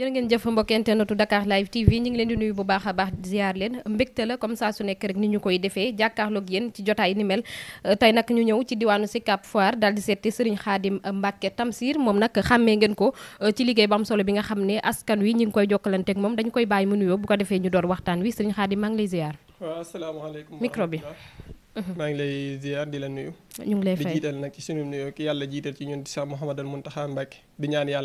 jërë ngeen jëf mbokk internetu Dakar Live TV ñu ngi leen di nuyu bu baax a baax ziar leen mbégte la comme saa su nekk rek ni ñu koy defee jàkkaarloog yéen ci jotaay ni mel euh, tey nag ñu ñëw ci diwaanu Sicap Foire daal di seeti Serigne Khadim Mbacke ko euh, ci liggéey bu am solo bi nga xam ne askan wi ñu ngi koy jokkalanteeg moom dañu koy bàyyi mu nuyoo bu ko defee ñu door waxtaan wi Serigne Khadim maa ngi lay ziar. waaw asalaamaaleykum micro bi. Mhm. maa ngi lay ziar di la nuyu. ñu ngi lay fay di jiital nag ci sunu nuyoo ki yàlla jiital ci ñun di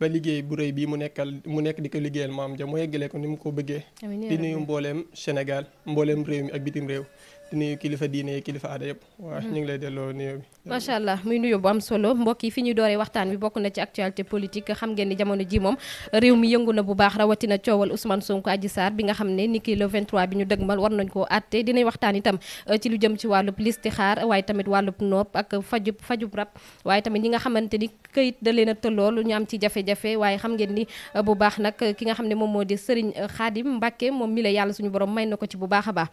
ba liggéey bu rëy bii mu nekkal mu nekk di ko liggéeyal maam ja mu yeggalee ko ni mu ko bëggee. di nuyu mbooleem Sénégal mbooleem réew mi ak bitim réew. di nuyu kilifa diine kilifa aada yëpp. waaw mm. ñu ngi lay delloo nuyoo bi. macha allah muy nuyu bu am solo mbokk yi fi ñu dooree waxtaan bi bokk na ci actualité politique xam ngeen ni jamono ji moom réew mi yëngu na bu baax rawatina coowal Ousmane Sonko Adji Sarr bi nga xam ne ni ki le 23 bi ñu dëgmal war nañ koo àtte dinañ waxtaan itam euh, ci lu jëm ci wàllub listixaar waaye tamit wàllub noob ak fajub fajub rab waaye tamit ñi nga xamante ni këyit d leen a tëllool ñu am ci jafe waaye xam ngeen ni euh, bu baax nag euh, ki nga xam ne moom moo di Serigne Khadim Mbacke moom mi la yàlla suñu borom may na ko ci bu baax a baax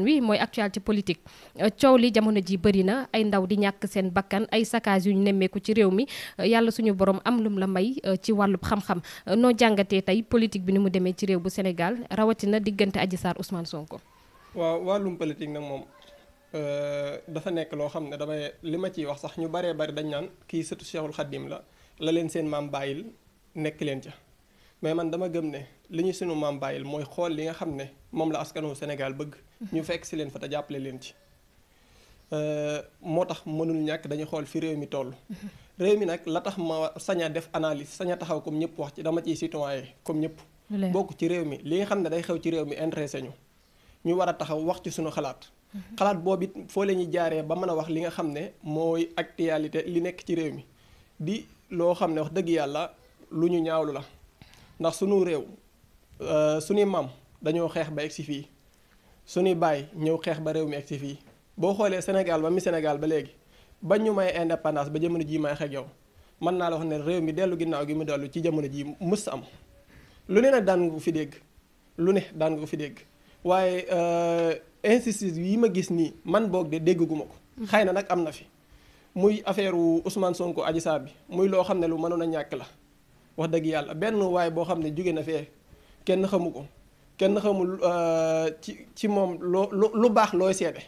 waxtaan wi mooy actualité politique euh, coow li jamono ji bari na ay ndaw di ñàkk seen bakkan ay saccage yu ñu nemmeeku ci réew mi euh, yàlla suñu borom am lum la may euh, ci wàllub xam-xam noo jàngatee tey politique bi ni mu demee ci réew bu Sénégal rawatina diggante Adji Sarr Ousmane Sonko. waaw wàllum politique nag moom dafa nekk loo xam ne damay li ma ciy wax sax ñu baree bari dañ naan kii sëtu Cheikhul Khadim la la leen seen maam bàyyil nekk leen ca. mais man dama gëm ne li ñu sunu maam bàyyil mooy xool li nga xam ne moom la askanu Sénégal bëgg. Mhm. ñu fekk si leen fa te jàppale leen ci. Euh, moo tax mënul ñàkk dañu xool fi réew mi toll. Mhm. réew mi nag la tax ma sañ def analyse sañ taxaw comme ñëpp wax ci dama ciy citoyen comme ñëpp. bokk ci réew mi li nga xam ne day xew ci réew mi intéressé ñu. ñu war a taxaw wax ci sunu xalaat. Mhm. xalaat boobu it foo la ñuy jaaree ba mën a wax li nga xam ne mooy actualité li nekk ci réew mi. di loo xam ne wax dëgg yàlla lu ñu ñaawlu la. ndax sunu réew euh, suñuy maam dañoo xeex ba egsi fii suñuy baay ñëw xeex ba réew mi egsi fii boo xoolee Sénégal ba mi Sénégal ba léegi bañ ñu may indépendance ba jamono jii may xeex yow mën naa la wax ne réew mi dellu ginnaaw gi mu dellu ci jamono jii mës am lu ne nag daan nga ko fi dégg lu ne daan nga ko fi dégg waaye euh, injustice yi ma gis nii man boog de dégguma ko. xëy na nag am na fi muy affaire Ousmane sonk Adji Sarr bi muy loo xam ne lu mënoon a ñàkk la. wax dëgg yàlla benn waaye boo xam ne jóge na fee kenn xamu ko kenn xamul euh, ci ci moom loo lu baax looy seete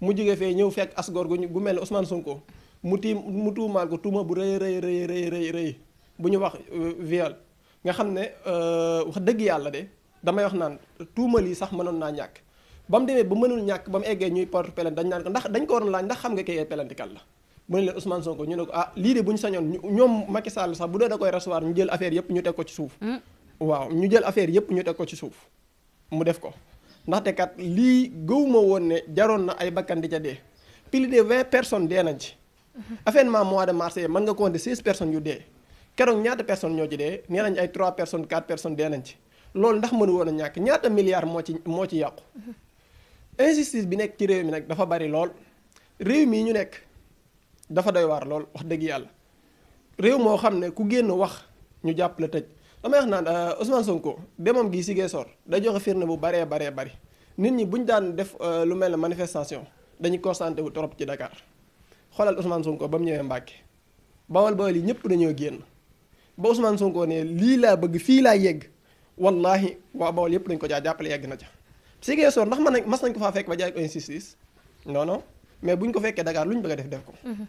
mu jóge fee ñëw fekk asgor gu gu mel ne Ousmane ko mu tiim mu tuumaal ko tuuma bu rëy rëy rëy rëy rëy bu ñu wax euh, viol nga xam ne euh, wax dëgg yàlla de damay wax naan tuumal yi sax mënoon naa ñàkk ba mu demee ba mënul ñàkk ba mu eggee ñuy porte plainte dañ naan ko ndax dañ ko waroon laaj ndax xam nga kay pelante kan la mu ne la Ousmane ñu ne ko ah lii de bu ñu sañoon ñoom Macky Sall sax bu dee da koy recevoir ñu jël affaire yëpp ñu teg ko ci suuf. Mm. waaw ñu jël affaire yëpp ñu teg ko ci suuf mu def ko ndaxte kat lii gëwuma woon ne jaroon na ay bakkan di ca dee plus de vingt personnes dee nañ ci. Mm-hmm. avènement mois de mars mën nga compter seize personnes yu dee keroog ñaata personnes ñoo ci dee nee nañ ay trois personnes quatre personnes dee nañ ci loolu ndax mënu woon a ñàkk ñaata milliards moo ci moo ci yàqu. Mm-hmm. injustice bi nekk ci réew mi nag dafa bari lool réew mi ñu nekk. dafa doy waar lool wax dëgg yàlla réew moo xam ne ku génn wax ñu jàpp la tëj damay wax naan euh, Ousmane Sonko demam gii si gee sor day joxe firnde bu baree baree bari nit ñi bu ñu daan def euh, lu mel ne manifestation dañuy concentré wu trop ci Dakar xoolal Ousmane Sonko ba mu ñëwee Mbàkke bawal bawal yi ñëpp dañoo génn ba Ousmane Sonko ne lii laa bëgg fii laa yegg wallaahi waa bawal yëpp dañ ko jaa jàppale yàgg na ca si gee sor ndax mën nañ mas nañ ko faa fekk ba jaay ko injustice mais bu ñu ko fekkee Dakar lu ñu bëgg a def def ko. Mm-hmm.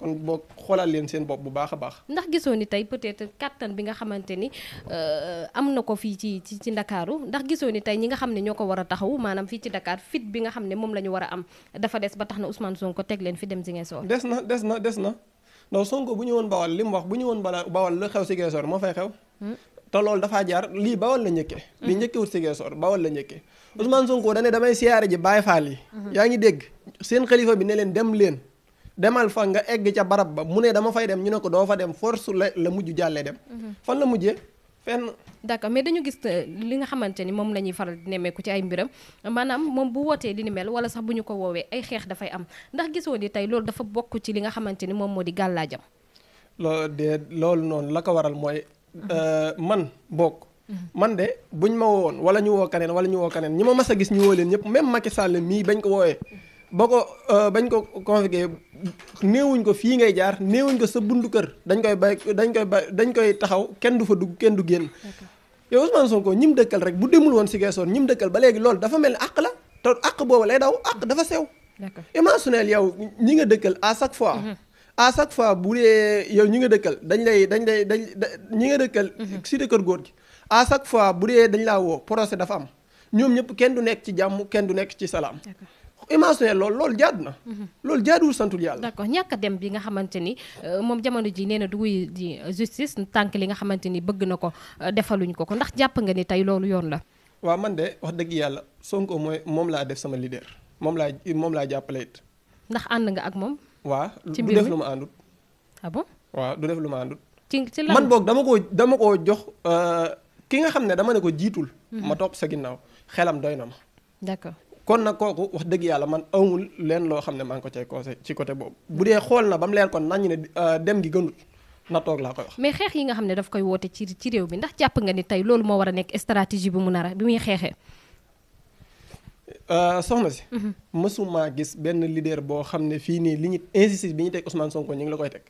kon boo xoolal leen seen bopp bu baax a baax. ndax gisoo ni tey peut-être kàttan bi nga xamante ni euh, am na ko fii ci ci ci Ndakaaru ndax gisoo ni tey ñi nga xam ne ñoo ko war a taxaw maanaam fii ci Dakar fit bi nga xam ne moom la ñu war a am dafa des ba tax na Ousmane Sonko teg leen fi dem si ngee Ziguinchor. des na des na des na ndaw Sonko bu ñu woon Bawal li mu wax bu ñu woon Bala Bawal la xew Ziguinchor moo fay xew. Hmm? te loolu dafaa jaar lii Bawal la njëkkee. Hmm? li njëkkewut Ziguinchor Bawal la njëkkee. Ousmane Sonko da ne damay siyaare ji Baay Faal hmm. yaa ngi dégg seen xalifa bi ne leen dem leen demal fa nga egg ca barab ba mu ne dama fay dem ñu ne ko doo fa dem force la la mujj jàllee dem. Mhm. fan la mujjee fenn. d'accord mais dañu gis euh, li nga xamante ni moom la ñuy faral di nemmeeku ci ay mbiram maanaam moom bu wootee li ni mel wala sax bu ñu ko woowee ay xeex dafay am ndax gisoo ni tey loolu dafa bokk ci li nga xamante ni moom moo di gàllaajam. loo loolu noonu la ko waral mooy. Mhm. Euh, man bokk. Mhm. man de ñu ma woowoon wala ñu woo kaneen wala ñu woo kaneen ñi ma mas a gis ñu woo leen ñëpp même Macky Sall mii bañ ko woowee. ba ko euh, bañ ko convoqué néewuñ ko fii ngay jaar néewuñ ko sa bundu kër dañ koy bay dañ koy bay dañ koy taxaw kenn du fa dugg kenn du génn yow Ousmane Sonko ñim dëkkal rek bu demul woon si geesoon ñim dëkkal ba léegi loolu dafa mel ni àq la te àq boobu lay daw àq dafa sew émentionnel yow ñi nga dëkkal à chaque fois mhm. à chaque fois bu dee yow ñi nga dëkkal dañ lay dañ lay dañ ñi nga dëkkal mhm. cité kër góor gi à chaque fois bu dee dañ laa woo procès dafa am ñoom ñëpp kenn du nekk ci jàmm kenn du nekk ci salaam imaginer loolu loolu jaadu na. Mhm. loolu jaaduwul santul yàlla. d'accord ñàkk dem bi nga xamante ni euh, moom jamono ji nee na du wuy justice tànk li nga xamante ni bëgg na ko euh, defaluñ ko ko ndax jàpp nga ni tey loolu yoon la. waaw man de wax dëgg yàlla Sonko mooy moom laa def sama leader moom laa moom laa jàppale it. ndax ànd nga ak moom. waa du def lu ma àndut. ah bon waaw lu ma àndut. ci ci man boog dama koo dama koo jox euh, ki nga xam ne dama ne ko jiitul. Mhm. ma topp sa ginnaaw xelam doy na ma. d'accord. kon nag kooku wax dëgg yàlla man amul leen loo xam ne maa ngi ko cay conseil ci côté boobu bu dee xool na ba mu leen kon nañu ne euh, dem gi gënut na toog laa koy wax. mais xeex yi nga xam ne daf koy woote ci ci réew bi ndax jàpp nga ni tey loolu moo war a nekk stratégie bi mu nar a bi muy xeexee. Euh, soxna si. Mhm. mësuma gis benn leader boo xam ne fii nii li ñu insiste bi ñu teg Ousmane Sonko ñu ngi la koy teg.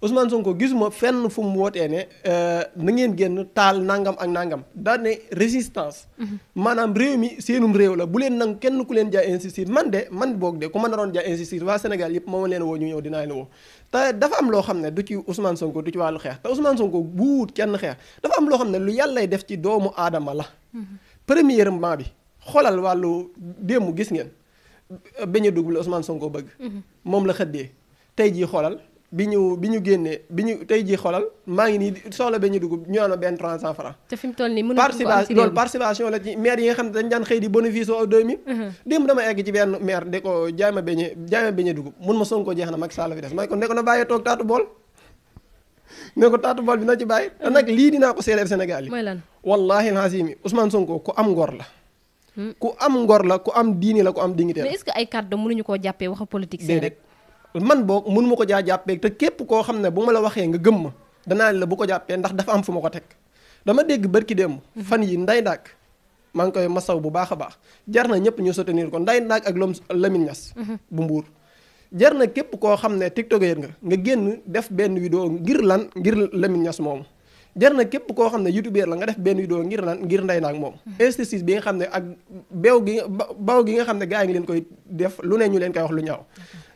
Ousmane Sonko gisuma fenn fu mu wootee ne euh, na ngeen génn taal nangam ak nangam daan ne résistance. Mhm. maanaam réew mi seenum réew la bu leen nang kenn ku leen jaay insistir man de man boog de ku ma naroon jaay insistir waa Sénégal yëpp moom ma leen woo ñu ñëw dinaa leen am loo xam ne du ci Ousmane Sonko du ci wàllu xeex te Ousmane Sonko buut kenn xeex dafa am loo xam ne lu yàllay def ci doomu aadama la. Mhm. premièrement bi xoolal wàllu démb gis ngeen bañ a dugg la Ousmane Sonko bëgg. Mhm. moom la xëddee tey jii xoolal. bi ñu bi ñu génnee bi ñu tey jii xoolal maa ngi nii soxla ba ñu dugub ñu naan benn 300 francs. te fi mu toll nii participation loolu participation la ci maire yi nga xam ne dañ daan xëy di bénéfice au 2000. Mhm. démb dama egg ci benn maire di ko jaay ma beñe dugub mun ma Sonko jeex na Macky Sall fi des may ko ne ko na bàyyee toog taatu bool ne ko taatu bool bi na ci bàyyi. te mhm. nag lii dinaa ko seedeel Sénégal yi. mooy lan wallaahi alazim Ousmane Sonko ku am la. Hmm. ku am ngor la ku am diini la ku am dignité la. mais est man boo mënu ma ko jaa jàppee te képp koo xam ne bu ma la waxee nga gëm ma danaa la bu ko jàppee ndax dafa am fu ma ko teg dama dégg ki démb fan yi nday daak maa ngi koy masaw bu baax a baax jar na ñëpp ñu soutenir ko nday daak ak lom Lamine Niass mhm. bu mbuur jar na képp koo xam ne tiktoker nga nga génn def benn vidéo ngir lan ngir Lamine Niass moomu na képp koo xam ne youtubeur la nga def benn vidéo ngir lan ngir nday naak moom mhm. injustice bi nga xam ne ak beew gi baw gi nga xam ne gaa yi ngi leen koy def lu ne ñu leen koy wax lu ñaaw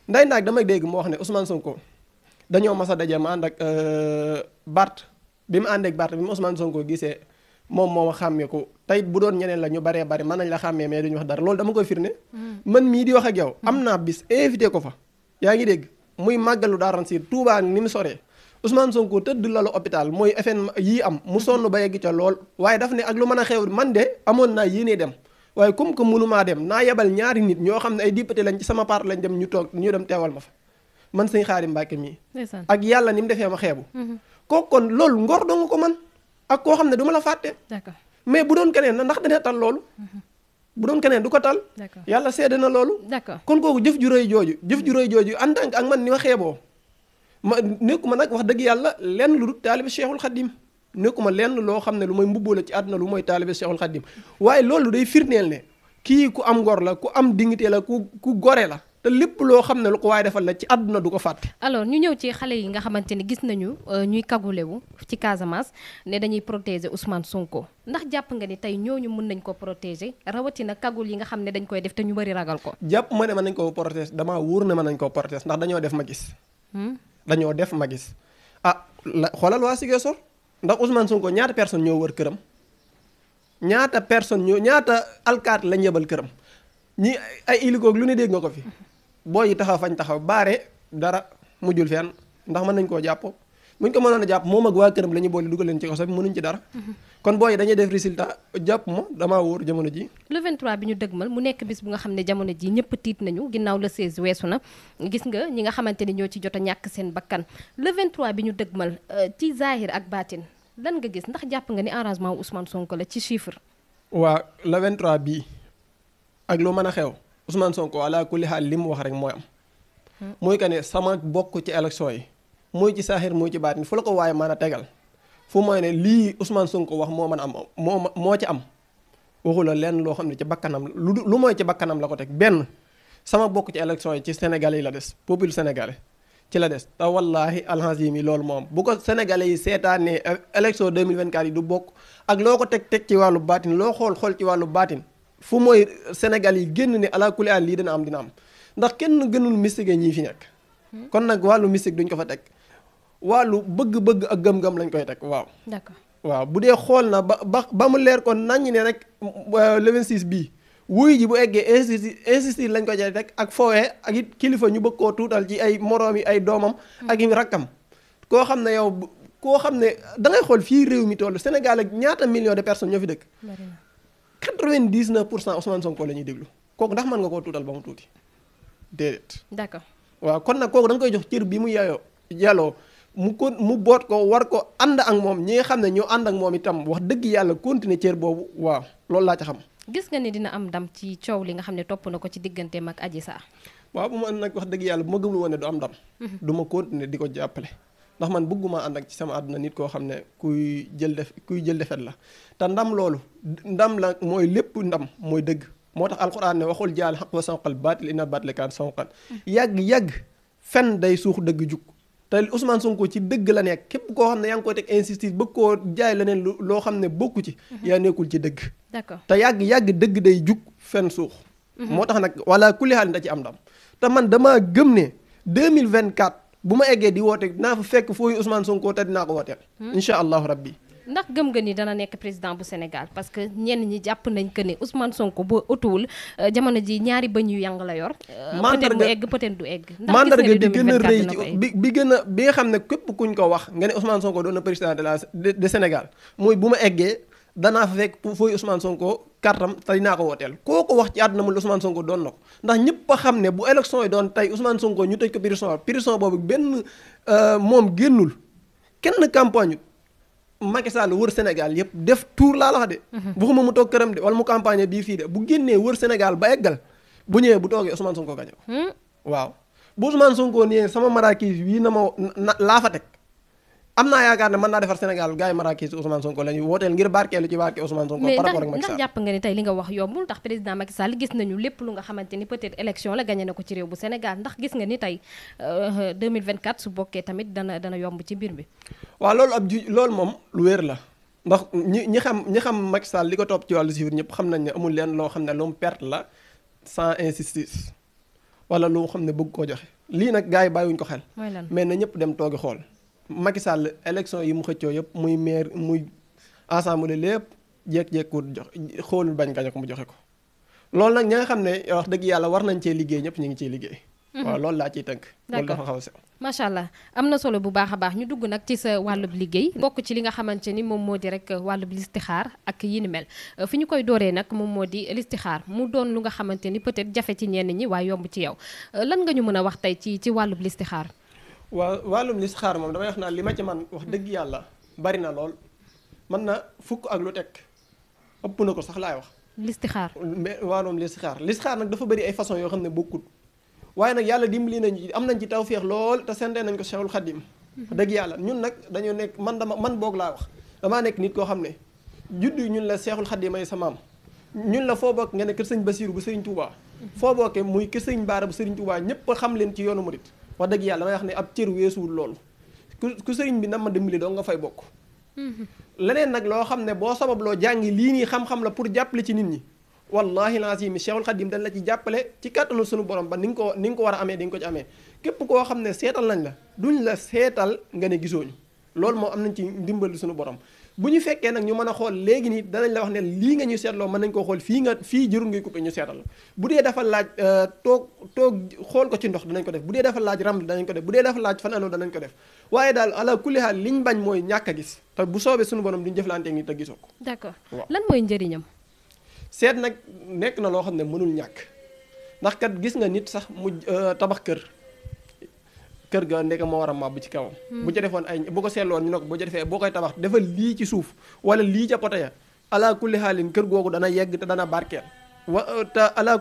nday naag dama dégg moo wax ne Ousmane Sonko dañoo mas a daje ma ànd ak euh, Bart bi mu ànd ak Bart bi mu Ousmane Sonko gisee moom moo ma xàmmee ko tey bu doon ñeneen la ñu bare bari mën nañ la xàmmee mais duñu wax dara loolu dama koy firne mm. man mii di wax ak yow mm. am naa bis invité ko fa yaa ngi dégg muy màggalu daaran siir Touba ni mu soree Ousmane Sonko tëdd lalu hôpital mooy effet yii am mu sonn ba yegg ca lool waaye daf ne ak lu mën a xew man de amoon naa yéene dem waaye comme que mënumaa dem naa yebal ñaari nit ñoo xam ne ay député lañ ci sama part lañ dem ñu toog ñu dem teewal ma fa man sëñ Xaadim Mbàkke mii ak yàlla ni mu defee ma xeebu mhm. kooku kon loolu ngor doo ko man ak koo xam ne du la fàtte mais bu doon keneen na ndax dana tal loolu mhm. bu doon keneen du ko tal yàlla sedd na loolu kon kooku jëf ju jooju jëf ju rëy jooju en tant ak man ni ma xeeboo ma nekku ma nag wax dëgg yàlla lenn lu dul taaliba Cheikhul Xadim nekkuma lenn loo xam ne lu may mbubboo la ci àdduna lu mooy taalibe Cheikhul Khadim waaye loolu day firndeel ne kii ku am ngor la ku am dignité la ku ku gore la te lépp loo xam ne lu ko waaye defal la ci àdduna du ko fàtte. alors ñu ñëw ci xale yi nga xamante ni gis nañu euh, ñuy kagulewu ci Casamance ne dañuy protéger Ousmane Sonko ndax jàpp nga ni tey ñooñu mën nañ ko protéger rawatina kagul yi nga xam ne dañ koy def te ñu bari ragal ko. jàpp ma ne mën nañ koo protéger damaa wóor ne mën nañ koo protéger ndax dañoo def ma gis. Hmm? dañoo def ma gis ah ndax Ousmane ko ñaata personne ñoo wër këram ñaata personne ñoo ñaata alkaat lañ yebal këram ñi ay illicoog lu ne dégg nga ko fi boo yi taxaw fañ taxaw baare dara mujjul fenn ndax mën nañ koo jàpp buñ ko mënoon a jàpp moom ak waa këram la ñuy boole dugal leen ci kaso bi mënuñ ci dara mhm. kon booy dañuy def résultat jàpp ma damaa wóor jamono ji le 23 bi ñu dëgmal mu nekk bis bu nga xam ne jamono ji ñëpp tiit nañu ginnaaw le 16 weesu na gis nga ñi nga xamante ni ñoo ci jot a ñàkk seen bakkan le 23 bi ñu dëgmal euh, ci zahir ak baatin lan nga gis ndax jàpp nga ni arrangement Ousmane sonk la ci chiffre. waa le 23 bii ak lu mën a xew Ousmane Sonko ala kulli xaal li mu wax rek mooy am. muy hmm. que ne sama bokk ci élection yi muy ci saaxir muy ci baatin fu la ko waaye mën a tegal. fu mooy ne lii Ousmane ko wax moo man a am moo moo ci am waxula lenn loo xam ne ci bakkanam lu du lu mooy ci bakkanam la ko teg benn sama bokk ci élection yi ci senegal yi la des peuple senegal ci la des te wallaahi alhazim yi loolu moo bu ko sénégalais yi seetaanee euh, élection 2024 yi du bokk ak loo ko teg teg ci wàllu baatin loo xool xool ci wàllu baatin fu mooy euh, Sénégal yi génn ne ala kulli lii dina am dina am ndax kenn gënul mystique ñii fi nekk hmm. kon nag wàllu mystique duñ ko fa teg wàllu bëgg-bëgg ak gëm-gëm lañ koy teg waaw. d'accord waaw bu dee xool na ba ba ba mu leer ko naññ ne rek euh, le 26 bii wuy ji bu eggee insistir insistir lañ ko jëlee teg ak foowee ak it kilifa ñu bëgg koo tuutal ci ay moroom yi ay doomam. Mm. ak i rakkam koo xam ne yow koo xam ne da ngay xool fii réew mi toll Sénégal ak ñaata millions de personnes ñoo fi dëkk. 99 pour cent Ousmane Sonko la ñuy déglu kooku ndax mën nga koo tuutal ba mu tuuti déedéet. waaw kon nag kooku da koy jox cër bi mu yaayoo yàlloo. mu ko mu boot ko war ko ànd ak moom ñi xam ne ñoo ànd ak moom itam wax dëgg yàlla continuer cër boobu waaw loolu laa ci xam. gis nga ni dina am ndam ci coow li nga xam ne topp na ko ci digganteem ak Adji saa waaw bu ma nag wax dëgg yàlla bu ma gëmul woon ne du am ndam. Mhm. di ko jàppale. ndax man bëgguma ànd ak ci sama àdduna nit koo xam ne kuy jël def kuy jël defet la te ndam loolu ndam la mooy lépp ndam mooy dëgg moo tax alxuraan ne waxul jaal xaq wa sanqal baatil inna baatil kaan sanqal mhm. yàgg yàgg fen day suux dëgg jug te Ousmane Sonko ci dëgg la nekk képp koo xam ne yaa ngi koy teg insistance bëgg koo jaay leneen lu loo xam ne bokku ci. Mhm. yaa nekkul ci dëgg. d'accord te yàgg yàgg dëgg day jug fenn suux. Mhm. moo tax nag wala kulli xaalis da ci am ndam. te man dama gëm ne mille 2024 bu ma eggee di woote dinaa fa fekk fooy Ousmane Sonko te dinaa ko wooteel. Mhm. incha allahu rabbi. ndax gëm nga ni dana nekk président bu Sénégal parce que ñenn ñi jàpp nañ que ne Ousmane Sonko boo otuwul euh, jamono ji ñaari bëñ yu yang la yor. Euh, peut-être mu egg peut-être du egg. mandarga bi gën a rëy bi bi gën a bi xam ne képp kuñ ko wax nga ne Ousmane Sonko doon na président de la de Sénégal mooy bu ma eggee danaa fa fekk fooy Ousmane Sonko kartam te dinaa ko wooteel koo wax ci àdduna mu Ousmane Sonko doon na ndax ñëpp a xam ne bu élection yi doon tey Ousmane Sonko ñu tëj ko prison prison boobu benn euh, moom génnul kenn campagne Macky Sall wër Sénégal yëpp def tour laa la wax de. waxuma mhm. mu toog këram de wala mu campagne bii fii de bu génnee wër Sénégal ba eggal bu ñëwee bu toogee Ousmane Sonko gañe hmm? waaw bu Ousmane Sonko nee sama maraakis yii na ma laa fa teg. am naa yaakaar ne mën naa defar Sénégal gars yi Marrakech Ousmane Sonko la ñuy wooteel ngir barkeelu ci barke Ousmane Sonko par rapport ak Macky Sall mais ndax jàpp nga ni tey li nga wax yombul ndax président Macky gis nañu lépp lu nga xamante ni peut-être élection la gagné na ko euh, su bokkee tamit dana dana yomb ci mbir bi waaw loolu ab loolu moom lu wér la ndax ñi ñi xam ñi xam Macky Sall li ko topp ci wàllu suivre ñëpp xam nañ ne leen loo xam ne lu mu la sans insistance wala lu xam ne bëgg koo joxe lii nag gars yi bàyyiwuñ ko xel mais na ñëpp dem toogi xool Macky Sall élection yi mu xëccoo yëpp muy maire muy assemblée lépp jékki-jékkiwut jox xoolul bañ gañ ko mu joxe ko loolu nag ña nga xam ne wax dëgg yàlla war nañ cee liggéey ñëpp ñu ngi ciy liggéey. Mhm. waaw loolu laa ciy tënk. loolu dafa xaw a sew. macha allah am na solo bu baax a baax ñu dugg nag ci sa wàllub liggéey. bokk ci li nga xamante ni moom moo di rek wàllub listixaar ak yi mel euh, fi ñu koy dooree nag moom moo di listixaar mu doon lu nga xamante ni peut-être jafe ci ñenn ñi waaye yomb ci yow euh, lan nga ñu mën a wax tey ci ci wàllub listixaar waa wàllum listixaar moom damay wax naa li ma ci man wax dëgg yàlla bari na lool mën na fukk ak lu teg ëpp na ko sax laay wax. listixaar mais wàllum listixaar listixaar nag dafa bari ay façon yoo xam ne bokkut waaye nag yàlla dimbali nañu am nañ ci tawféex lool te sendee nañ ko Cheikhul Khadim. dëgg yàlla ñun nag dañoo nekk man dama man boog laa wax damaa nekk nit koo xam ne juddu ñun la seexul Khadim ay sa maam ñun la foo bokk nga ne kër sëñ Basiiru bu sëriñ Touba. foo bokkee muy kër sëñ Baara bu sëriñ Touba ñëpp xam leen ci yoonu murit wax dëgg yàlla damay wax ne ab cër weesuwul loolu ku ku sëriñ bi nam ma dimbali doo nga fay bokk. Mhm. leneen nag loo xam ne boo sababloo jàngi lii nii xam-xam la pour jàppale ci nit ñi. wallahi laazim Cheikhul Khadim dañ la ci jàppale ci kàttanu suñu borom ba ni nga ko ni nga ko war a amee di nga ko ci amee képp koo xam ne seetal nañ la duñ la seetal nga ne gisooñu loolu moo am nañ ci ndimbal suñu borom bu ñu fekkee nag ñu mën a xool léegi nii danañ la wax ne lii nga ñu seetloo mën nañ koo xool fii nga fii jërul ngay ko ñu seetal la bu dee dafa laaj euh, toog toog xool ko ci ndox danañ ko def bu dee dafa laaj ram danañ ko def bu dee dafa laaj fanaanoo danañ ko def waaye daal ala kulli haal liñ bañ mooy ñàkk a gis te bu soobee suñu borom duñ jëflante nit a gisoo ko d'accord lan mooy njariñam seet nag nekk na loo xam ne mënul ñàkk ndax kat gis nga nit sax mu euh, tabax kër kër ga ndeke moo war a màbb ci kawam hmm. bu ca defoon ay bu ko seetloon ñu ko boo ca defee boo koy tabax defal lii ci suuf wala lii dana yegg te dana barkeel wa te ala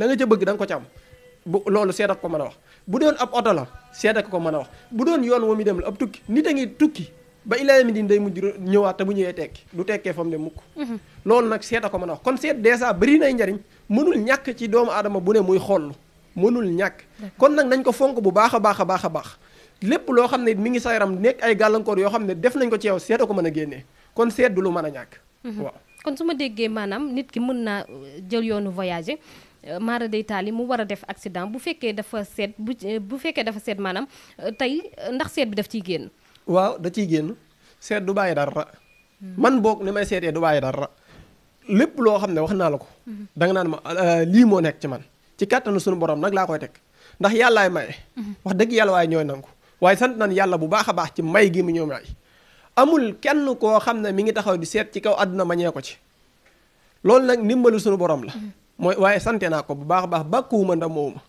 la nga ca bëgg da ko ca am bu loolu seet ak ko mën a wax bu doon ab oto la seet ak ko mën a wax bu doon yoon woo mi dem tukki nit a ngi ba ilaa mi din day mujj ñëwaat te bu ñëwee tekki du tekkee fa ne mukk hmm. loolu nag seet a ko mën a wax kon seet dèjà bëri nay njariñ mënul ñàkk ci doomu aadama bu ne muy xoll mënul ñàkk kon nag nañ ko fonk bu baax a baax a baax a baax lépp loo xam ne it mi ngi sa yaram nekk ay gàllankoor yoo xam ne def nañ ko ci yow seet a ko mën a génnee kon seet du lu mën a ñàkk mhm. waaw kon su ma déggee maanaam nit ki mën naa euh, jël yoonu voyager euh, maara day taal yi mu war a def accident bu fekkee dafa seet bu euh, bu fekkee dafa seet maanaam tey ndax seet bi daf ciy génn waaw da ciy génn seet du bàyyi dara mhm. man boog ni may seetee du bàyyi dara lépp loo xam ne wax naa la ko mhm. da nga ma ci kàttanu sunu borom nag laa koy teg ndax yàllaay maye. Mm-hmm. wax dëgg yàlla waaye ñooy nangu waaye sant nan yàlla bu baax a baax ci may gi mu ñëw may amul kenn koo xam ne mi ngi taxaw di seet ci kaw àdduna ma mañee ko ci loolu nag ndimbalu sunu borom la. Mm-hmm. mooy waaye sante naa ko bu baax a baax bàkkuwuma ndamawuma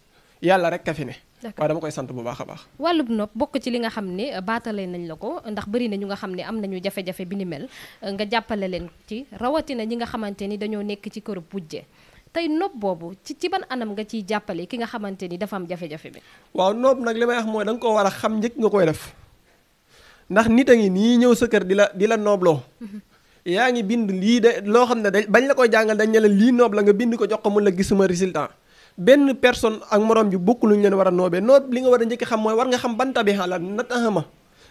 yàlla rek ka fi ne. waaye dama koy sant bu baax a baax wàllub nopp bokk ci li nga xam ne baatale nañ la ko ndax bari na ñu nga xam ne am nañu jafe bi ni mel nga jàppale leen ci rawatina ñi nga xamante ni dañoo nekk ci kër bujje tey nopp boobu ci ci ban anam nga ciy jàppale ki nga xamante ni dafa am jafe-jafe bi. waaw nopp nag li may wax mooy da nga koo war a xam njëkk nga koy def ndax nit a ngi nii ñëw sa kër di la di la noobloo. Mhm. yaa ngi bind lii de loo xam ne dañ bañ la koy jàngal dañ ne la lii noob la nga bind ko jox ko mun la gisuma résultant benn person ak morom ju bokk lu ñu leen war a noobee noob li nga war a njëkk xam mooy war nga xam ban na la ma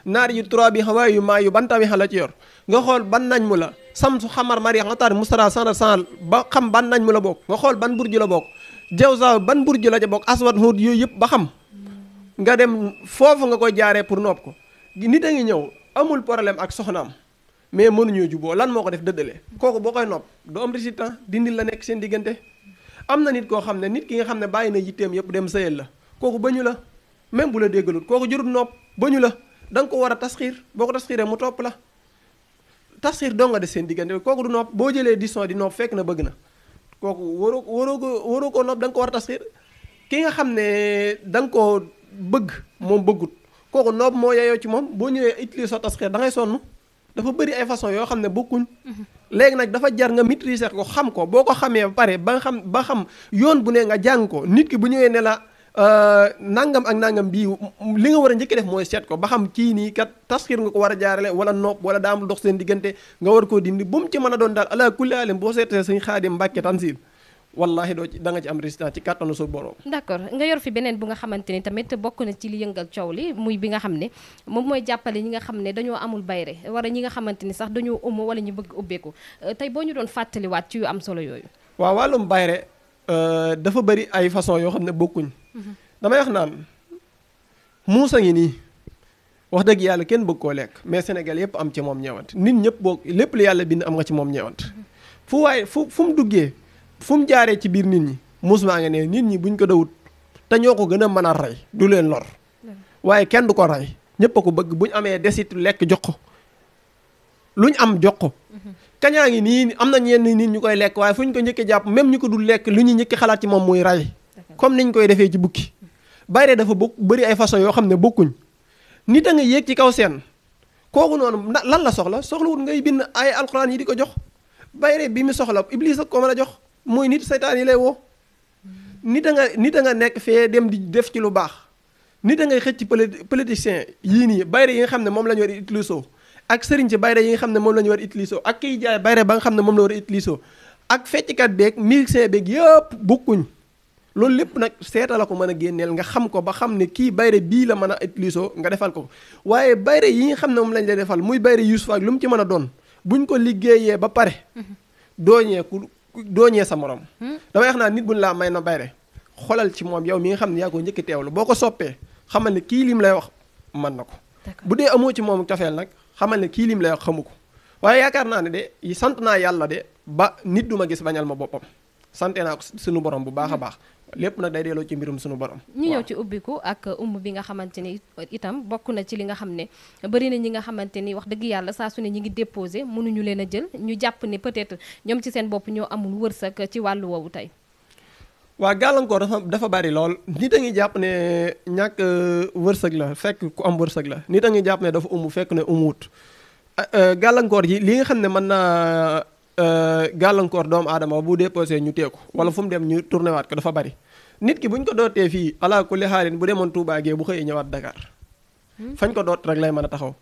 naar yu turaabi hawaayu maa yu bantawi xa la ci yor nga xool ban nañ mu la sam su xamar mari xataar mustara sanal sanal ba xam ban nañ mu la bokk nga xool ban burju la bokk jawza ban burju la ca bokk aswad huud yooyu yëpp ba xam nga dem foofu nga koy jaaree pour nopp ko nit a ngi ñëw amul problème ak soxnaam mais mënuñoo juboo lan moo ko def dëddale kooku boo koy nopp doo am résultat dindil la nekk seen diggante am na nit koo xam ne nit ki nga xam ne bàyyi na yitteem yëpp dem sëyal la kooku bañu la même bu la déggalul kooku jurut nopp bañu la da nga ko war a tasxiir boo ko tasxiiree mu topp la tasxiir doo nga de seen diggante kooku du nopp boo jëlee disson di nopp fekk na bëgg na kooku waroo waroo ko waroo koo nopp da ko war a tasxiir ki nga xam ne da nga koo bëgg moom bëggut kooku noob moo yaayoo ci moom boo ñëwee utiliser sa tasxiir da sonn dafa bëri ay façon yoo xam ne bokkuñ mm-hmm. léegi nag dafa jar nga maîtriser ko xam ko boo ko xamee ba pare ba xam ba xam yoon bu ne nga jàng ko nit ki bu ñëwee ne la Euh, nangam ak nangam bii li nga war a njëkk def mooy seet ko ba xam kii nii kat tasxiir nga ko war a jaarale wala nopp wala daam dox seen diggante nga war koo dindi bu mu ci a doon daal ala kulli alim boo seetee sëñ Xaadim Mbàkke Tansil wallahi doo ci da nga ci am résultat ci kàttanu su borom. d'accord nga yor fi beneen bu nga xamante ni tamit bokk na ci li yëngal coow li muy bi nga xam ne moom mooy jàppale ñi nga xam ne dañoo amul bayre wala ñi nga xamante ni sax dañoo umu wala ñu bëgg ubbeeku euh, tey boo ñu doon fàttaliwaat ci yu am solo yooyu. waaw wàllum bayre Euh, dafa bëri ay façon yoo xam ne bokkuñ mhm. damay wax naan muusa ngi nii wax dëgg yàlla kenn bëgg koo lekk mais Sénégal yëpp am ci moom ñeewant nit ñëpp boo lépp lu yàlla bind am nga ci moom ñeewant mhm. fu waaye fu fu mu duggee fu mu jaaree ci biir nit ñi muus maa ngi ne nit ñi buñ ko dawut te ñoo ko gën a mën a rey du leen lor waaye kenn du ko rey ñépp a ko bëgg buñ amee desit lekk jox ko luñ am jox ko mhm. kañaa ngi nii am na ñenn nit ñu koy lekk waaye fu ñu ko njëkkee jàpp même ñu ko dul lekk lu ñu njëkki xalaat ci moom muy ray comme niñ koy defee ci bukki bayre dafa bokk bëri ay façon yoo xam ne bokkuñ nit a nga yéeg ci kaw seen kooku noonu lan la soxla soxlawut ngay bind ay alxuraan yi di ko jox bayre bi mu soxla iblis ak ko mën a jox mooy nit seytaan yi lay woo nit a nga nit a nga nekk fee dem di def ci lu baax nit a ngay xëcc ci politicien yii nii bayre yi nga xam ne moom la ñu war a utiliser ak sëriñ si bayre yi nga xam ne moom la ñu war utiliser ak kiy jaay bayre ba nga xam ne moom la war a utiliser ak fecckat beeg musicien beeg yëpp bokkuñ loolu lépp nag seeta la ko mën a génneel nga xam ko ba xam ne kii bayre bii la mën a utiliser nga defal ko waaye bayre yi nga xam ne moom lañ lay defal muy bayre Yuusuf ak lu mu ci mën a doon buñ ko liggéeyee ba pare dooñee ku dooñee sa morom hmm? damay wax naa nit bu ñu laa may na bayre xolal ci moom yow mi nga xam ne yaa ko njëkk teewlu boo ko soppee xamal ne kii lim lay wax mën na dee amoo ci moom cofeel nag amal ne kii lim lay xamu ko waaye yaakaar naa ne de sant naa yàlla de ba nit duma gis bañal ma boppam sante naa ko suñu borom bu baax a mm. baax lépp nag day delloo ci mbirum suñu borom ñu ñëw ci ubbiku ak umb bi nga xamante ni itam bokk na ci li nga xam ne bari na ñi nga xamante ni wax dëgg yàlla saa su ne ñi ngi déposé mënuñu leen a jël ñu jàpp ne peut-être ñoom ci seen bopp ñoo amul wërsëg ci wàllu woowu tey waa gàllankoor dafa dafa bari lool nit a ngi jàpp ne ñàkk euh, wërsëg la fekk ku am wërsëg la nit a ngi jàpp ne dafa umu fekk ne umuwut euh, euh, gàllankoor ji li nga xam ne mën naa gàllankoor doomu aadama bu déposé ñu teeku wala fu mu dem ñu tourné waat ko dafa bari nit ki bu ñu ko dootee fii ala kulli xaalin bu demoon Touba gee bu xëyee ñëwaat Dakar hmm? fañ ko doot rek lay mën a taxaw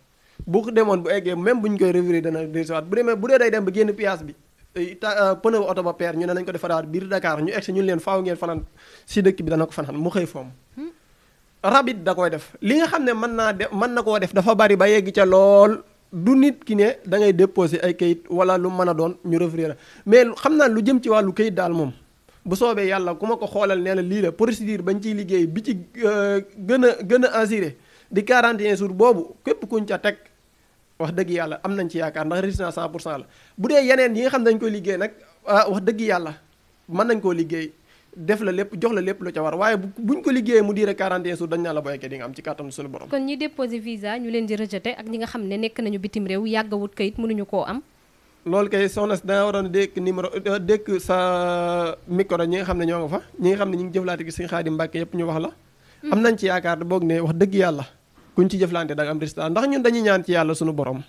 bu demoon bu eggee même bu ñu koy révérer dana desiwaat bu demee bu dee day dem ba génn piyaas bi ita euh, pneu oto ba peer ñu ne nañ ko defaraat biir dakaar ñu egg ñu leen faaw ngeen fanaan si dëkk bi dana ko fanaan mu xëy foom hmm? rabit da koy def li nga xam ne mën naa def mën na koo def dafa bari ba yegg ca lool du nit ki ne da ngay déposé ay kayit wala lu mën a doon ñu reféré la mais xam naa lu jëm ci wàllu kayit daal moom bu soobee yàlla ku ma ko xoolal nee na lii la procédure bañ ciy liggéey bi ci euh, gën a gën a assuré di 41 jours boobu képp kuñ ca teg wax dëgg yàlla am nañ ci yaakaar ndax résultat 100 pour cent la bu dee yeneen yi nga xam dañ koy liggéey nag ah, wax dëgg yàlla mën nañ koo liggéey def la lépp jox la lépp lu ca war waaye buñ ko liggéeyee mu diire 41 jours dañ naa la boyeke di am ci kàttan suñu borom kon ñi déposé visa ñu leen di rejeté ak ñi nga xam ne nekk nañu bitim réew yàggawut kayit mënuñu koo am loolu kay soxna danga waroon dékk numéro euh, dékk sa micro ñi nga xam ne ñoo nga fa xam ne ñu la hmm. am nañ ci yaakaar boog ne wax dëgg yàlla ñu ci jëflante da am résultat ndax ñun dañuy ñaan ci yàlla sunu borom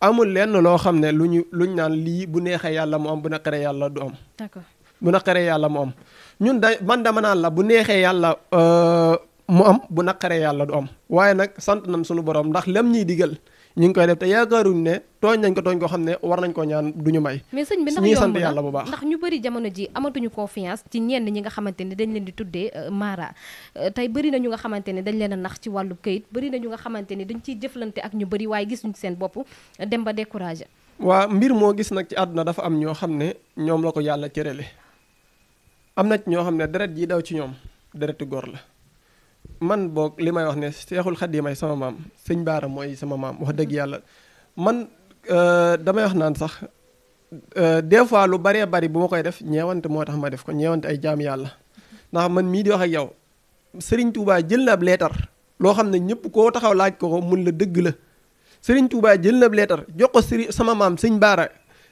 amul lenn loo xam ne lu ñu lu ñu naan lii bu neexee yàlla mu am bu naqaree yàlla du am. d'accord bu naqaree yàlla mu am ñun da man dama naan la bu neexee yàlla euh, mu am bu naqaree yàlla du am waaye nag sant na suñu borom ndax lem ñuy digal. ñu ngi koy def te yaakaaruñ ne tooñ nañ ko tooñ koo xam ne war nañ ko ñaan duñu may mais sëñ bi ndax ñuy sant bu baax ndax ñu bari jamono ji amatuñu confiance ci ñenn ñi nga xamante ne dañ leen di tuddee euh, mara euh, tey bari na ñu nga xamante ne dañ leen a nax ci wàllu këyit bëri na ñu nga xamante ne dañ ciy jëflante ak ñu bëri waaye gisuñ seen bopp euh, dem ba découragé waa mbir moo gis nag ci àdduna dafa am ñoo xam ne ñoom la ko yàlla cërale am na ñoo xam ne deret ji daw ci ñoom deretu gor la man boog li may wax ne seexul xaddiim may sama maam sëñ baara mooy sama maam wax dëgg yàlla man euh, damay wax naan sax euh, des fois lu baree bari bu ma koy def ñeewante moo tax ma def ko ñeewante ay jaam yàlla ndax man mii di wax ak yow sëriñ Touba jël na ab leetar loo xam ne ñëpp koo taxaw laaj ko ko mun la dëgg la sëriñ Touba jël na ab leetar jox ko sëriñ sama maam sëñ baara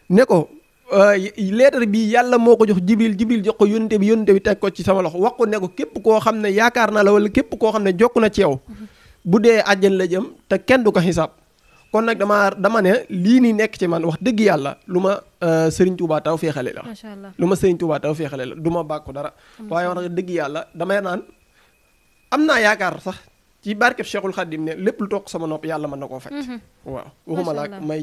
ne ko Euh, leetar bi yàlla moo ko jox jibril jibril jox ko yónte bi yónte bi teg ko ci sama loxo wax ko ne ko képp koo xam ne yaakaar na la wala képp koo xam ne jokk na ci yow bu dee àjjan la jëm te kenn du ko xisaab kon nag dama dama ne lii nii nekk ci man wax dëgg yàlla lu ma euh, sëriñ Tuubaa taw feexale la lu ma sëriñ taw feexale la du ma bàkku dara waaye wax dëgg yàlla damay naan am naa yaakaar sax ci barkeb Cheikhul Khadim lépp lu toog sama nopp yàlla mën na koo faj mhm. waaw waxuma laa may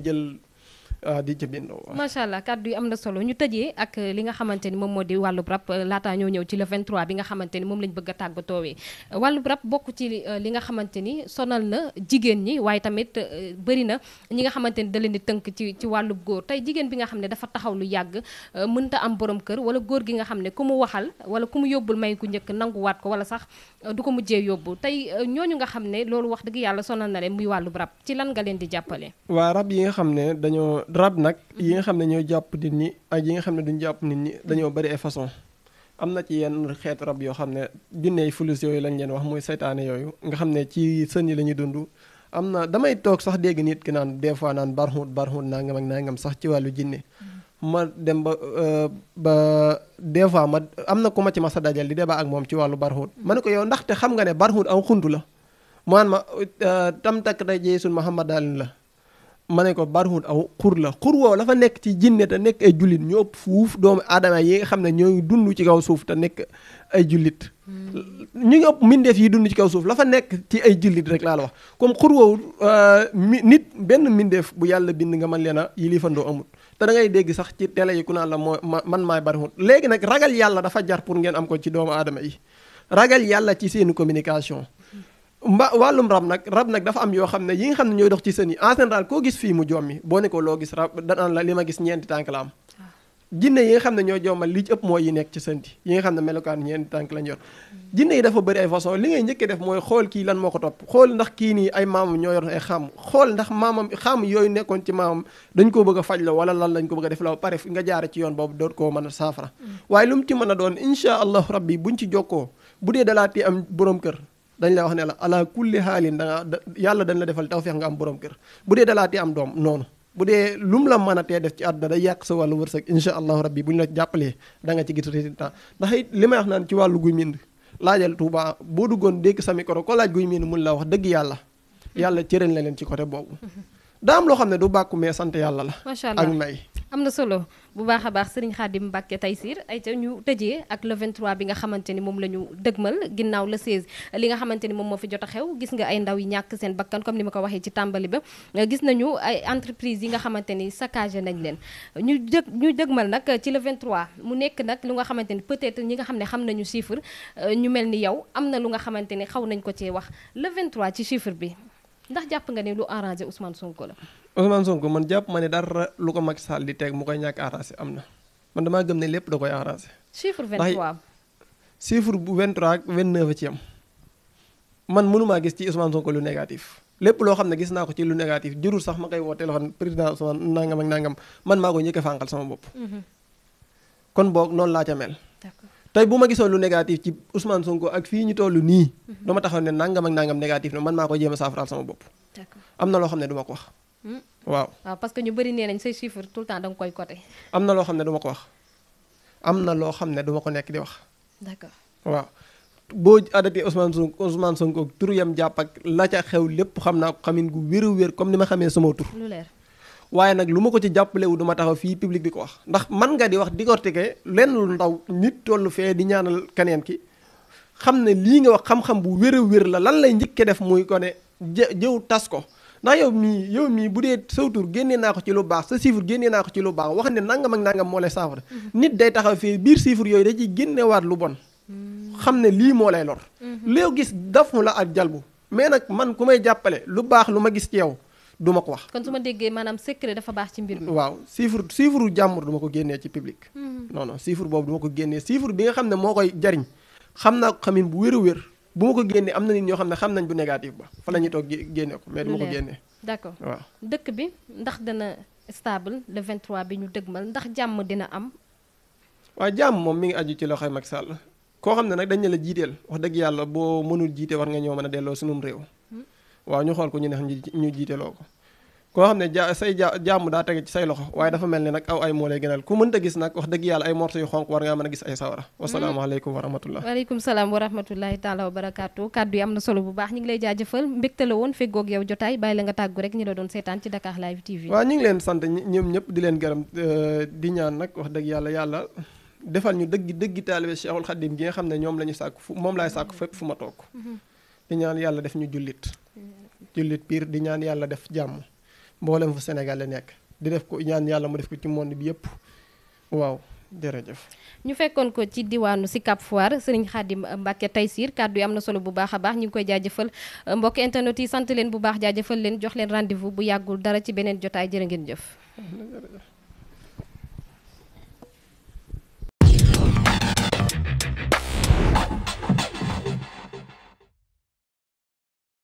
Euh, di ci bindoo. macha allah kàddu yi am na solo ñu tëjee ak euh, li nga xamante ni moom moo di wàllub rab euh, laata ñoo ñëw ci le 23 bi nga xamante ni moom lañ bëgg a tàggatoowee wàllub rab bokk ci li nga xamante ni sonal na jigéen ñi waaye tamit bëri na ñi nga xamante ni da leen di tënk ci ci wàllub góor tey jigéen bi nga xam ne dafa taxaw lu yàgg mënta am borom kër wala góor gi nga xam ne ku mu waxal wala ku mu yóbbul may ku njëkk nanguwaat ko wala sax du ko mujjee yóbbu tey ñooñu nga xam ne loolu wax dëgg yàlla sonal na leen muy wàllub rab ci lan nga leen di jàppale rab nag mhm. yi nga xam ne ñooy jàpp nit ñi ak nga xam ne duñ jàpp nit ñi mhm. dañoo bari ay façon am na ci yenn xeet rab yoo xam ne jinne fulus yooyu lañ leen wax muy saytaane yooyu nga xam ne ci sën yi la ñuy dund am na damay toog sax dégg nit ki naan des fois naan barxuut barxuut nangam ak nangam sax ci wàllu jinne mhm. ma dem ba euh, ba des fois ma am na ko ma ci ma sa dajal di débat ak moom ci wàllu barxuut ma ne ko yow ndaxte xam nga ne barxuut aw xuntu la maan ma euh, tam takk day jeesun Muhammad daal la ma ne ko barhut aw xur la xur woow la fa nekk ci jinne te nekk ay jullit ñu ëpp fuuf doomu aadama yi nga xam ne ñooy dund ci kaw suuf te nekk ay jullit hmm. ñu ngi ëpp mbindeef yi dund ci kaw suuf la fa nekk ci ay jullit rek laa la wax comme xur woow euh, mi nit benn mbindeef bu yàlla bind nga mën leen a yilifandoo amul te da ngay dégg sax ci télé yi ku naan la moo man maay barhut léegi nag ragal yàlla dafa jar pour ngeen am ko ci doomu aadama yi ragal yàlla ci seen communication mba wàllum rab nag rab nag dafa am yoo xam ne yi nga xam ne ñooy dox ci sën yi en koo gis fii mu jommi boo ne loo gis rab danaan la li ma gis ñeenti tànk la am ah. jinne yi nga xam ne ñoo jommal li ci ëpp mooy yi nekk ci sënti yi nga xam ne hmm. ko topp xool ndax dañ koo bëgg a faj la wala lan lañ ko bëgg a def la pare nga jaare ci yoon boobu doot koo mën a saafara hmm. waaye lu mu ci mën a doon incha allahu rabbi buñ ci jokkoo bu dee dalaatee am borom kër dañu la wax ne la ala kulli xaalin da yàlla dañ la defal tawfeex nga am borom kër bu dee dalaati am doom noonu bu dee mu la mën a tee def ci àdduna day yàq sa wàllu wërsëg incha allahu rabbi bu ñu la jàppalee danga ci gis résultat ndax it li may wax naan ci wàllu guy mind laajal Touba boo duggoon dégg sa micro ko laaj guy mind mun la wax dëgg yàlla yàlla cëral na leen ci côté boobu mm-hmm. daa am loo xam ne du bàkku mais sant yàlla la ak may am na solo bu baax a baax sëriñ Xaadim Mbàkke Taysiir ay ca ñu tëjee ak le 23 bi nga xamante ni moom la ñu dëgmal ginnaaw le 16 li nga xamante ni moom moo fi jot a xew gis nga ay ndaw yi ñàkk seen bakkan comme ni ma ko waxee ci tàmbali ba gis nañu ay entreprise yi nga xamante ni saccagé nañ leen ñu dëg ñu dëgmal nag ci le 23 mu nekk nag lu nga xamante ni peut-être ñi nga xam ne xam nañu chiffre euh, ñu mel ni yow am na lu nga xamante ni xaw nañ ko cee wax le ci chiffre bi ndax jàpp nga ne lu arrangé Ousmane Sonko la. Ousmane Sonko man jàpp ma ne dara lu ko Macky Sall di teg mu koy ñàkk arrangé am na man damaa gëm ne lépp da koy arrangé. chiffre 23 chiffre bu 23 ak 29 ci am man mënumaa gis ci Ousmane Sonko lu négatif. lépp loo xam ne gis naa ko ci lu négatif jurul sax ma koy woo téléphone président Ousmane nangam ak nangam man maa ko njëkk a fànqal sama bopp. Mhm. kon boog noonu laa ca mel. tey bu ma gisoo lu négatif ci Ousmane Sonko ak fii ñu toll nii. Mhm. dama taxaw ne nangam ak nangam négatif na man maa ko jéem a saafaraal sama bopp. am na loo xam ne du ko wax. waaw waaw parce que ñu bëri nee nañ say chiffres tout le nga koy côté. am na loo xam ne du ma ko hmm. am na loo xam ne du ko nekk di wax. d'accord waaw. boo adatee Ousmane Sonko Ousmane Sonko tur yam jàpp ak la ca xew lépp xam naa ko xamin gu wéru wér comme ni ma xamee sama tur. leer waaye nag lu ma ko ci jàppale wu du taxaw fii public di ko wax ndax man nga di wax di kortike lenn lu ndaw nit tollu fee di ñaanal keneen ki xam ne lii nga wax xam-xam bu wér a wér la lan lay njëkke def muy ko ne jëw tas ko ndax yow mii yow mii bu dee sawtur génnee naa ko ci lu baax sa chiffre génnee naa ko ci lu baax wax ne nangam ak nangam moo lay saafara mm-hmm. nit day taxaw fee biir chiffre yooyu da ciy génnewaat lu bon mm-hmm. xam ne lii moo lay lor mm-hmm. léew gis dafu la ak jalbu mais nag man ku may jàppale lu baax lu ma gis ci yow duma ko wax. kon su ma déggee maanaam secret dafa baax ci mbir mi. waaw chiffre chiffre jàmbur du ko génnee ci public. Hmm. non non boobu du ko génnee chiffre bi nga xam ne moo koy jariñ xam naa ko xamin bu wér a wér ko génnee am na nit ñoo xam ne xam nañ bu négatif ba fa la ñu toog génne ko mais du ma ko génnee. d'accord waaw dëkk bi ndax dana stable le 23 bi ñu dëgmal ndax jàmm dina am. waaw jàmm moom mi ngi aju ci loxoy Macky Sall koo xam ne nag dañ ne la jiiteel wax dëgg yàlla boo mënul jiite war nga ñëw mën a delloo sunum réew waaw ñu xool ko ñu neex ñu jiiteloo ko koo xam ne ja say ja jàmm daa tege ci say loxo waaye dafa mel ni nag aw ay moo lay gënal ku mënta gis nag wax dëgg yàlla ay morso yu xonk war ngaa mën a gis ay sawara mm-hmm. wasalaamaaleykum wa rahmatullah waaleykum salaam wa rahmatullahi taala wa barakaatu baax ñu ngi lay jaajëfal mbégte la woon feggoog yow jotaay bàyyi la nga tàggu rek ñi la doon seetaan ci Dakar Live TV waaw ñu ngi leen sant ñoom ñëpp di leen gërëm euh, di ñaan nag wax dëgg yàlla yàlla defal ñu dëgg dëgg taalibe Cheikhul Khadim gi nga xam ne ñoom la ñu sàkk fu moom laay sàkk fépp fu ma toog mm-hmm. di ñaan yàlla def ñu jullit jullit piir di ñaan yàlla def jàmm mboolem fu Sénégal la nekk di def ko ñaan yàlla mu def ko ci monde bi yëpp waaw jërëjëf ñu fekkoon ko ci diwaanu Sicap Foire sëriñ Xaadim Mbàkke Taysiir kàddu yi am na solo bu baax a baax ñu ngi koy jëfal mbokk internet yi sant leen bu baax jaajëfal leen jox leen rendez bu yàggul dara ci beneen jotaay jërë ngeen jëf